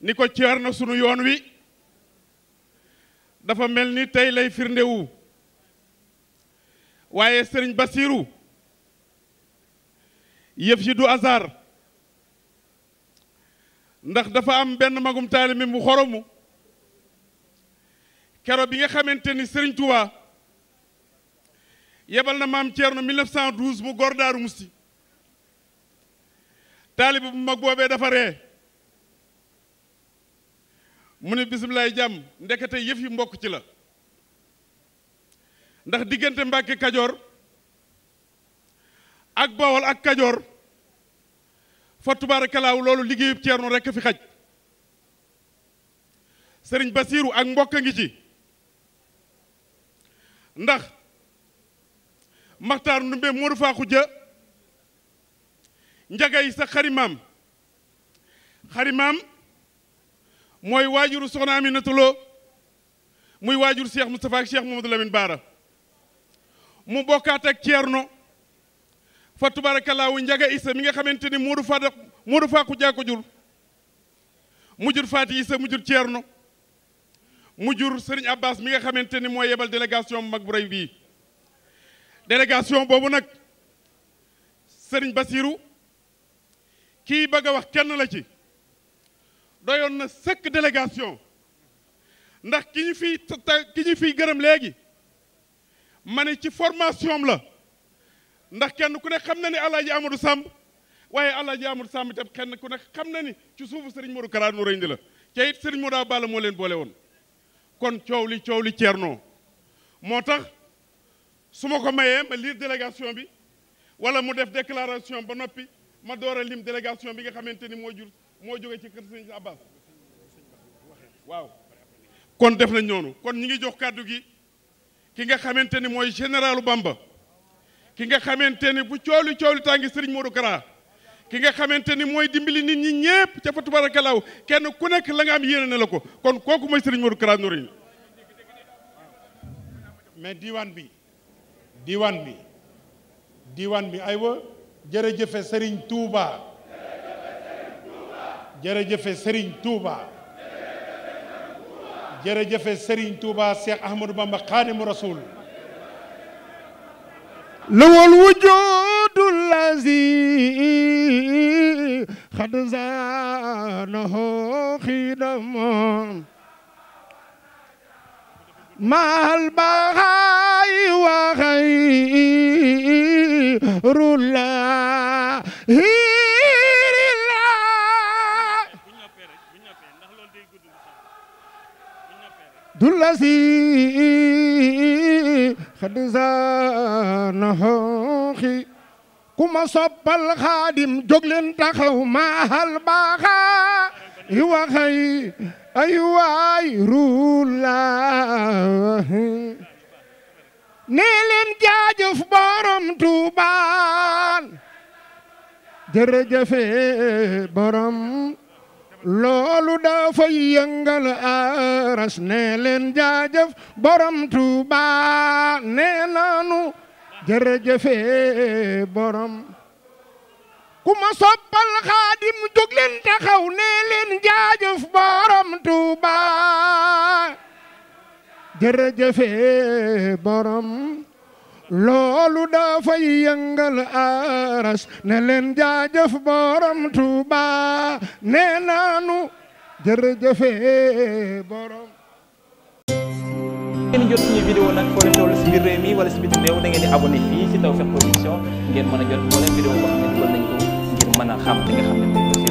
ni ko ceer na sunu yoon wi dafa mel ni tey lay firndewu waaye sëriñ Basiiru yëf yi du hasard ndax dafa am benn magum taalibe mu xoromu kero bi nga xamante ni sëriñ yebal na maam Ceerno 1912 mu gor Daaru Musti taalibe bu mag boobee dafa ree mu ne bisimilaay jàmm ndekete yëf yi mbokk ci la ndax diggante Mbàkke Kajoor ak Bawol ak Kajoor fa tubaarakalaaw loolu liggéeyub Ceerno rekk fi xaj Sëriñ Basiiru ak mbokk a ngi ci ndax Maxtaar Ndumbe Moodu Faa Xuja njagay sa xarimaam xarimaam mooy waajuru mi Aminata Lo muy waajur Cheikh mu ak Cheikh Mamadou Lamine Baara mu bokkaat ak no fa tubarakallaahu njaga isa mi nga xamante ni Modou Fada Modou Fakou Dia ko jur mu jur Fati isa mu jur no mu jur Serigne Abbas mi nga xamante ni mooy yebal délégation bu mag bu rëy bii délégation boobu nag Serigne Basirou kii bëgg a wax kenn la ci doyoon na sëkk délégation ndax ki ñu fiy ki ñu fiy gërëm léegi ma ne ci formation la ndax kenn ku ne xam na ni alaaji Amadou Samb waaye alaaji Amadou Samb itam kenn ku nekk xam na ni ci suufu Serigne Modou Kara Nourou indi la te it Serigne Modou Balla moo leen boole woon kon coow li coow li ceernoo moo tax su ma ko mayee ma liir délégation bi wala mu def déclaration ba noppi ma door lim délégation bi nga xamante ni moo jur moo jógee ci kër sëñ Abbas waaw kon def nañ noonu kon ñi ngi jox kàddu gi ki nga xamante ni mooy généralu Bamba ki nga xamante ni bu cooli cooli tàngi sëriñ Modou Kara ki nga xamante ni mooy dimbali nit ñi ñépp ca fa tubarakalaw kenn ku nekk la nga am yéene ne la ko kon kooku mooy sëriñ Modou Kara Noreyni mais diwaan bi diwaan bi diwaan bi aywa jërëjëfe sëriñ Touba jërëjëfe Serigne Touba jërëjëfe Serigne Touba Cheikh Ahmadou Bamba Khadimu Rasul lawal wujudu lazi xad zaanahu xidam maal baxaay wa xayru laahi dullasi xad zaana xooxi ku ma soppal xaadim jóg leen taxaw maaxal baaxa i waxay ay waay rullaah nee leen jaajëf borom tuubaan jërëjëfe borom loolu dafa yëngal aras ne leen borom Tuuba nee naanu borom ku soppal xaadim jóg leen taxaw ne borom Tuuba jërëjëfe borom loolu dafay yëngal aras ne leen jaajëf borom Tuuba nee naanu jërëjëfe borom. ngeen jot suñu vidéo foo leen si biir mi wala si biti réew da ngeen di abonné fii si Tawfekh Production ngeen mën jot moo leen vidéo boo xam ne dugal nañ xam li nga xam ne